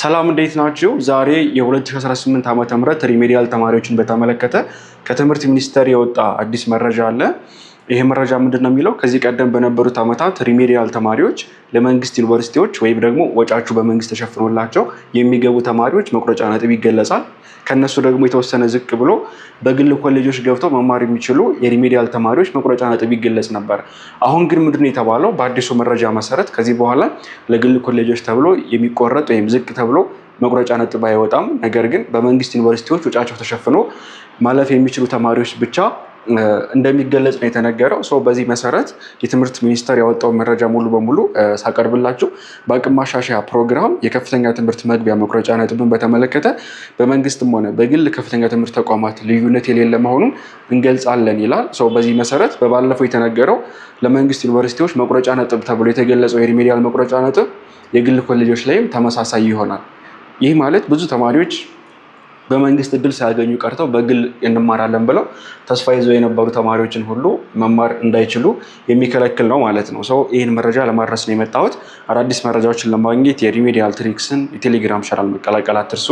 ሰላም እንዴት ናችሁ? ዛሬ የ2018 ዓ ም ሪሜዲያል ተማሪዎችን በተመለከተ ከትምህርት ሚኒስቴር የወጣ አዲስ መረጃ አለ። ይሄ መረጃ ምንድን ነው የሚለው ከዚህ ቀደም በነበሩት ዓመታት ሪሜዲያል ተማሪዎች ለመንግስት ዩኒቨርሲቲዎች ወይም ደግሞ ወጫችሁ በመንግስት ተሸፍኖላቸው የሚገቡ ተማሪዎች መቁረጫ ነጥብ ይገለጻል። ከነሱ ደግሞ የተወሰነ ዝቅ ብሎ በግል ኮሌጆች ገብተው መማር የሚችሉ የሪሜዲያል ተማሪዎች መቁረጫ ነጥብ ይገለጽ ነበር። አሁን ግን ምንድን ነው የተባለው? በአዲሱ መረጃ መሰረት ከዚህ በኋላ ለግል ኮሌጆች ተብሎ የሚቆረጥ ወይም ዝቅ ተብሎ መቁረጫ ነጥብ አይወጣም። ነገር ግን በመንግስት ዩኒቨርሲቲዎች ወጫቸው ተሸፍኖ ማለፍ የሚችሉ ተማሪዎች ብቻ እንደሚገለጽ ነው የተነገረው። ሰው በዚህ መሰረት የትምህርት ሚኒስቴር ያወጣው መረጃ ሙሉ በሙሉ ሳቀርብላችሁ በአቅም ማሻሻያ ፕሮግራም የከፍተኛ ትምህርት መግቢያ መቁረጫ ነጥብን በተመለከተ በመንግስትም ሆነ በግል ከፍተኛ ትምህርት ተቋማት ልዩነት የሌለ መሆኑን እንገልጻለን ይላል። ሰው በዚህ መሰረት በባለፈው የተነገረው ለመንግስት ዩኒቨርሲቲዎች መቁረጫ ነጥብ ተብሎ የተገለጸው የሪሜዲያል መቁረጫ ነጥብ የግል ኮሌጆች ላይም ተመሳሳይ ይሆናል። ይህ ማለት ብዙ ተማሪዎች በመንግስት እድል ሳያገኙ ቀርተው በግል እንማራለን ብለው ተስፋ ይዘው የነበሩ ተማሪዎችን ሁሉ መማር እንዳይችሉ የሚከለክል ነው ማለት ነው። ሰው ይህን መረጃ ለማድረስ ነው የመጣሁት። አዳዲስ መረጃዎችን ለማግኘት የሪሜዲያል ትሪክስን የቴሌግራም ቻናል መቀላቀል አትርሱ።